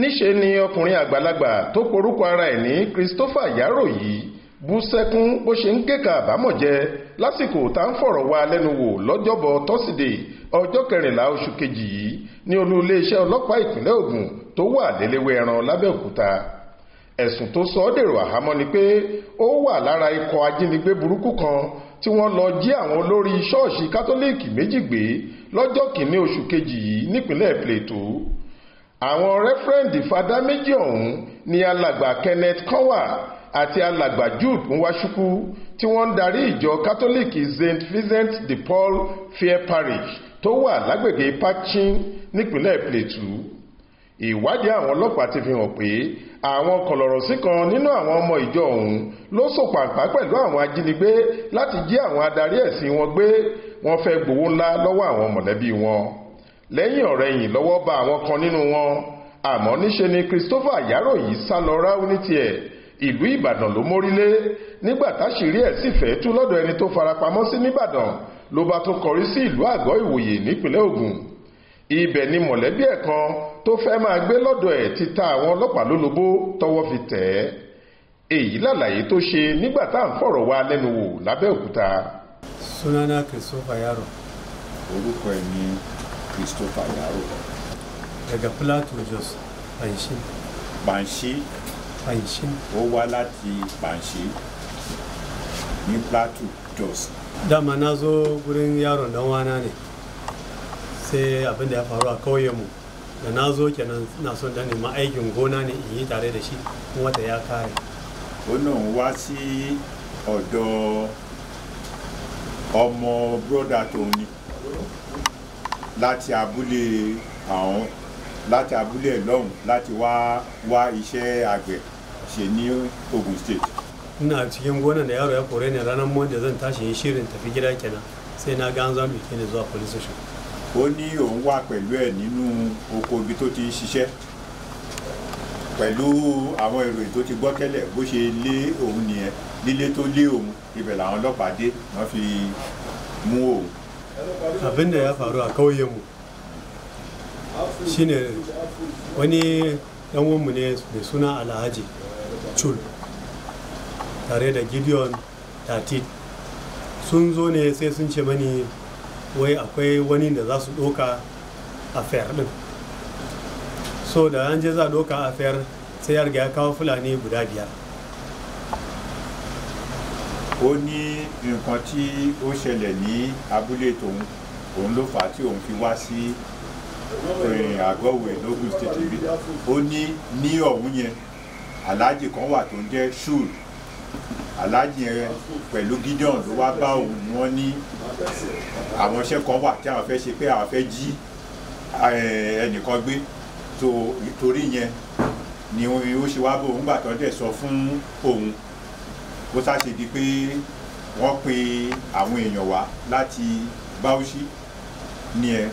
níṣe ni ọkùnrin àgbàlagbà tó porúkọ ara ẹ̀ ní Christopher Yaro yìí bú sẹ́kún bó ṣe ń kéka àbámọ̀jẹ lásìkò tá à ń fọ̀rọ̀ wá lẹ́nu wò lọ́jọ́bọ̀ tọ́sídẹ̀ẹ́ ọjọ́ kẹrìnlá oṣù kejì yìí ní olú iléeṣẹ́ ọlọ́pàá ìpínlẹ̀ Ògùn tó wà lélẹ́wẹ́ ẹran lábẹ́òkúta ẹ̀sùn tó sọ ọ́ dèrò àhámọ́ ni pé ó wà lára ikọ̀ ajínigbé burúkú kan tí wọ́n lọ jí àwọn olórí ṣọ́ọ̀ṣì kátólíìkì méjì gbé lọ́jọ́ kìíní oṣù kejì yìí nípínlẹ̀ Plateau àwọn rẹ́fẹ́rẹ́ǹdì fada méjì ọ̀hún ni alàgbà Kenneth Kọ́wà àti alàgbà Jude Nwachukwu tí wọ́n ń darí ìjọ kátólíìkì St Vincent de Paul Fair Parish tó wà lágbègbè Pachin nípínlẹ̀ Plateau ìwádìí àwọn ọlọ́pàá ti fi hàn pé àwọn kọ̀lọ̀rọ̀sí kan nínú àwọn ọmọ ìjọ ọ̀hún ló sòpàǹpá pẹ̀lú àwọn ajínigbé láti jí àwọn adarí ẹ̀sìn wọn gbé wọ́n fẹ́ gbowó ńlá lọ́wọ́ àwọn mọ̀lẹ́bí wọn lẹ́yìn ọ̀rẹ̀yìn lọ́wọ́ bá àwọn kan nínú wọn àmọ́ níṣe ni Christopher Yaro yìí sá lọ ráú ní tiẹ̀ ìlú Ìbàdàn ló mórílé nígbà táṣìírí ẹ̀ sì fẹ́ tú lọ́dọ̀ ẹni tó farapamọ́ sí nìbàdàn ló bá tún kọrí sí ìlú Àgọ́ Ìwòyè nípínlẹ̀ Ògùn ibẹ̀ ni mọ̀lẹ́bí ẹ̀ kan tó fẹ́ máa gbé lọ́dọ̀ ẹ̀ ti ta àwọn ọlọ́pàá lólobó tọwọ́ fi tẹ̀ ẹ́ èyí làlàyé tó ṣe nígbà tá à ń fọ̀rọ̀ wá lẹ́nu wò lábẹ́òkúta. Sunana Christopher Yaro orúkọ ẹ̀ ni Christopher Yaro. Daga Plateau Jos, Banshin. Banshin. Banshin. Ó wá láti Banshin ní Plateau Jos. Dama na zo gurin yaron dan wana ne. Sai abin da ya faru a ƙauyenmu. Da na zo kenan na son dan neman aikin gona ne in yi tare da shi kuma wata ya kare. Wannan wá sí ọ̀dọ̀ ọmọ bróda tòun ni láti abúlé àwọn láti abúlé ẹlọ́hùn láti wá wá iṣẹ́ àgbẹ̀ ṣe ní Ogun State. ina cikin gonan da yaro ya kore ni ranar monday zan tashi yin shirin tafi gida kenan sai na ga an zama ke ni zuwa police station. ó ní òun wà pẹ̀lú ẹ̀ nínú oko ibi tó ti ń ṣiṣẹ́ pẹ̀lú àwọn ìròyìn tó ti gbọ́ tẹ́lẹ̀ bó ṣe lé òun nìyẹn lílé tó lé òun ibẹ̀ làwọn ọlọ́pàá dé wọ́n fi mú òun. abin da ya faru a mu shine wani ɗanwanmu ne mai suna alhaji Chul, tare da gideon tatit sun zo ne sai sun ce mani wai akwai wani da za su ɗoka a fayar ɗin so da an je za a ɗoka a fayar sai ya riga ya kawo fulani guda biyar ó ní nǹkan tí ó ṣẹlẹ̀ ní abúlé tòun òun ló fà á tí òun fi wá sí àgọ́wẹ̀ lógún state rí ó ní ní ọ̀hún yẹn aláàjì kan wà tó ń jẹ́ shul aláàjì yẹn pẹ̀lú gideon ló wá bá òun ni wọ́n ní àwọn iṣẹ́ kan wà tí àwọn fẹ́ ṣe pé àwọn fẹ́ jí eh, ẹnìkan gbé torí yẹn ni ó ṣe wá bó òun gbà tó ń dẹ̀ sọ fún òun bó sá ṣe di pé wọ́n pe àwọn èèyàn wá láti Bauchi ní ẹ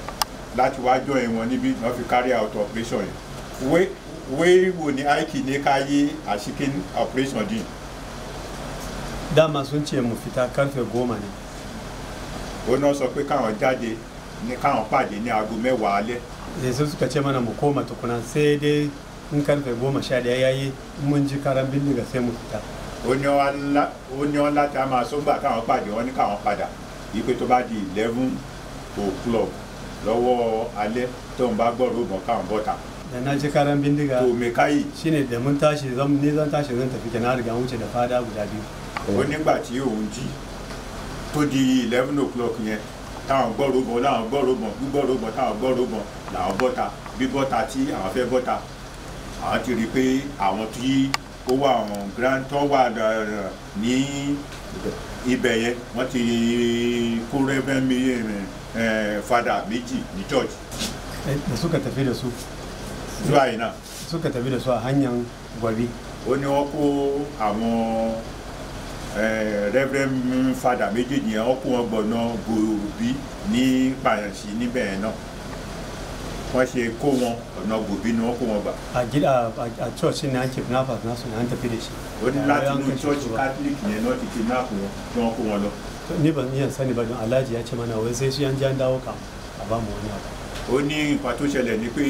láti wá jọ ẹ wọn níbí wọ́n fi carry out operation yẹn wéèwò ní aiki ní ká yé àṣìkín operation dín. dama sun ce mu fita karfe goma ne. ó náà sọ pé káwọn jáde ní káwọn pàdé ní aago mẹ́wàá alẹ́. sai suka ce mana mu koma tukuna sai dai in karfe goma sha daya yayi mun ji karan bindiga sai mu fita ó ní ọ́n láti á máa sógbà káwọn pàdé wọn ní káwọn padà yìí pé tó bá di eleven o'clock lọ́wọ́ alẹ́ tóun bá gbọ́rọ̀ ògbọ̀n káwọn bọ́ta. da na ji karan bindiga to me kai shine da mun zom ni ne zan tashi zan tafi kenan riga wuce da fada guda biyu ó nígbà tí òun jí tó di eleven o'clock yẹn táwọn gbọ́rọ̀ ògbọ̀n láwọn gbọ́rọ̀ ògbọ̀n gbígbọ́rọ̀ ògbọ̀n táwọn gbọ́rọ̀ ògbọ̀n làwọn bọ́ta bíbọ́ta tí àwọn fẹ́ bọ́ta àwọn ti rí pé àwọn tí kó wà ọ̀hún grand tó wà uh, ní ibẹ̀ yẹn wọ́n ti kó rẹ́fẹ́ mi eh, eh, fada méjì ní church. da eh, suka tafi da su. zuwa ina. suka tafi da su a hanyar gwabi. ó ní wọ́n kó àwọn reverend fada méjèèjì yẹn wọ́n kó wọn gbọ̀nà gbòòbí ní pàyànsí níbẹ̀ náà wọ́n ṣe kó wọn ọ̀nà gbòbí ni wọ́n kó wọn gbà. a church ní à ń kidnappers náà sùn ní à ń tẹ̀lé ṣe. ó ní láti inú church catholic yẹn náà ti kidnap wọn tí wọ́n kó wọn lọ. ní ban sani ba don alhaji ya ce mana wai sai shi an ji an dawo kam a ba mu wani abu. ó ní nǹkan tó ṣẹlẹ̀ ni pé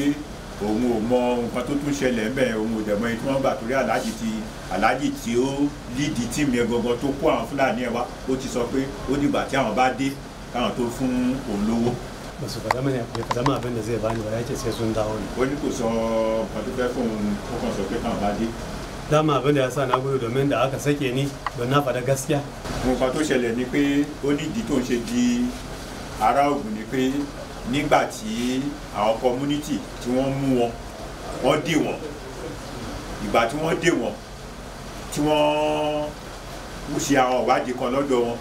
òun ò mọ nǹkan tó tún ṣẹlẹ̀ ń bẹ̀ òun ò dẹ̀mọ́ etí wọ́n gbà torí aláàjì ti aláàjì tí ó lídìí tìmí ẹ gangan tó kó àwọn fúlàní ẹ wá ó ti sọ pé ó dìgbà tí àwọn bá dé káwọn tó fún òun lówó ba su faɗa mana ya faɗa ma abin da zai bani a ya ce sai sun dawo ne wani kò sọ pàtúkẹ́ fún ó kàn sọ pé kàn bá dé dama abin da ya sa na gudu domin da aka sake ni don na faɗa gaskiya nǹkan tó ṣẹlẹ̀ ni pé ó ní ìdí tó ń ṣe di ará Ògùn ni pé nígbà tí àwọn community tí wọ́n mú wọn wọ́n dè wọ́n ìgbà tí wọ́n dè wọ́n tí wọ́n ń ṣe àwọn ìwádìí kan lọ́dọ̀ wọn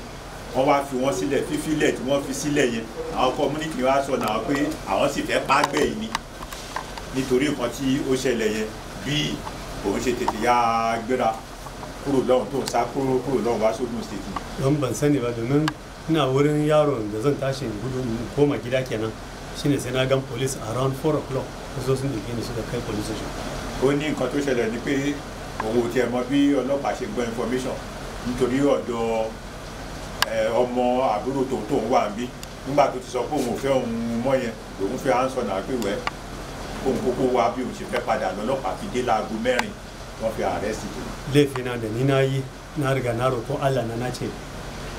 wọ́n wá fi wọ́n sílẹ̀ fífílẹ̀ tí wọ́n fi sílẹ̀ yẹn àwọn community wa sọ náà pé àwọn sì fẹ́ pàgbẹ́ yìí ni nítorí nǹkan tí ó ṣẹlẹ̀ yẹn bí òun ṣe tètè yá gbéra kúrò lọ́hùn tó ń sá kúrò kúrò lọ́hùn wá sódùn stéètì. don ban sani ba domin ina wurin yaron da zan tashi in gudu in koma gida kenan shine sai na gan police around four o'clock kusa sun dake ni suka kai police station. ó ní nǹkan tó ṣẹlẹ̀ ni pé òun ò tiẹ̀ mọ bí ọlọ́pàá ṣe gbọ́ information nítorí ọ̀dọ̀ ọmọ àbúrò tòun tóun wà ń bí nígbà tó ti sọ pé òun ò fẹ́ òun mọ́ yẹn òun fẹ́ hanson àgbèwẹ́ òun kókó wá bí òun ṣe fẹ́ padà lọ́lọ́pàá fi dé láago mẹ́rin wọ́n fi àrẹ́sì tó. laifin na da ni na yi na riga na roƙo Allah na nace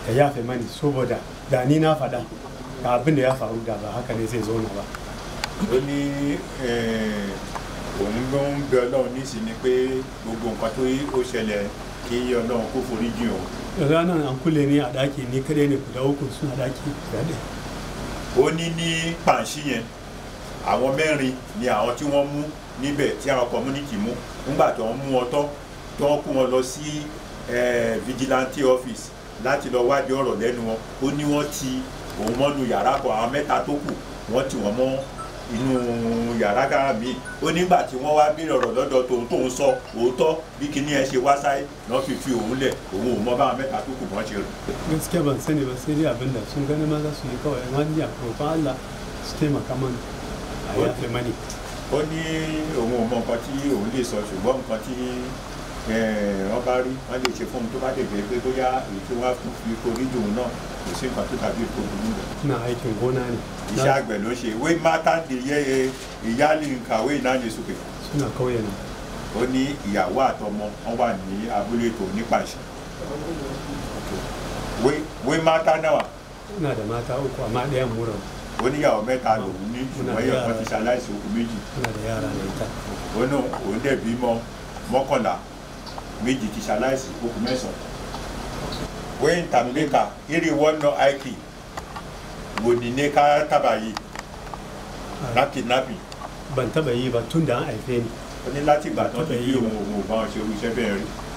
da ya fi mani saboda da ni na faɗa ga abin da ya faru da ba haka ne zai zauna ba. ó ní òun ló ń bẹ ọlọ́run nísìnyí pé gbogbo nǹkan tó ó ṣẹlẹ̀ kí ọlọ́run kó forí òun da ranar an kulle ne a daki ni kadai ne guda uku suna daki guda ɗaya. ó ní ní pàǹsí yẹn àwọn mẹ́rin ni àwọn tí wọ́n mú níbẹ̀ tí àwọn community mú nígbà tó ń mú wọn tán tó ń kó wọn lọ sí vigilante office láti lọ wádìí ọ̀rọ̀ lẹ́nu wọn ó ní wọ́n ti òun mọ́nu yàrá kan àwọn mẹ́ta tó kù wọ́n ti wọ́n mọ́ inú yàrá kára mi ó nígbà tí wọ́n wá bí ọ̀rọ̀ lọ́dọ̀ tòun tóun sọ òótọ́ bí kinní ẹ ṣe wá sáyé náà fi fi òun lẹ̀ òun ò mọ báwọn mẹ́ta tó kù wọ́n ṣe rò. gaskiya ban sani ba sai dai abin da sun gani maza su yi kawai an hanyar roƙa Allah su taimaka mana a yafe mani. ó ní òun ò mọ nǹkan tí òun lè sọ ṣùgbọ́n nǹkan tí wọ́n bá rí wọ́n lè ṣe fún un tó bá dẹ̀ kò sí nǹkan tó tàbí kò burú rẹ̀. na aikin gona ne. iṣẹ́ àgbẹ̀ ló ṣe wai mata da yaye iyali nǹkan wai na ne suke. suna kauye ne. ó ní ìyàwó àtọmọ wọn wà ní abúlé tó nípasẹ. wai mata náà. ina da mata uku amma ɗayan mura. ó ní ìyàwó mẹ́ta lòun ní ṣùgbọ́n ìyàwó kan ti ṣaláìsí okùn méjì. ina da yara ne ta. ó ní òun dẹ̀ bímọ mọ́kànlá méjì ti ṣaláìsí okùn mẹ́sàn-án wen tambe ka iri wannan aiki godi ne ka taba yi na kidnapping ban taba yi ba tun da an haife ni wani láti gbà tó ti yí òun òun ò ṣe irú iṣẹ́ rí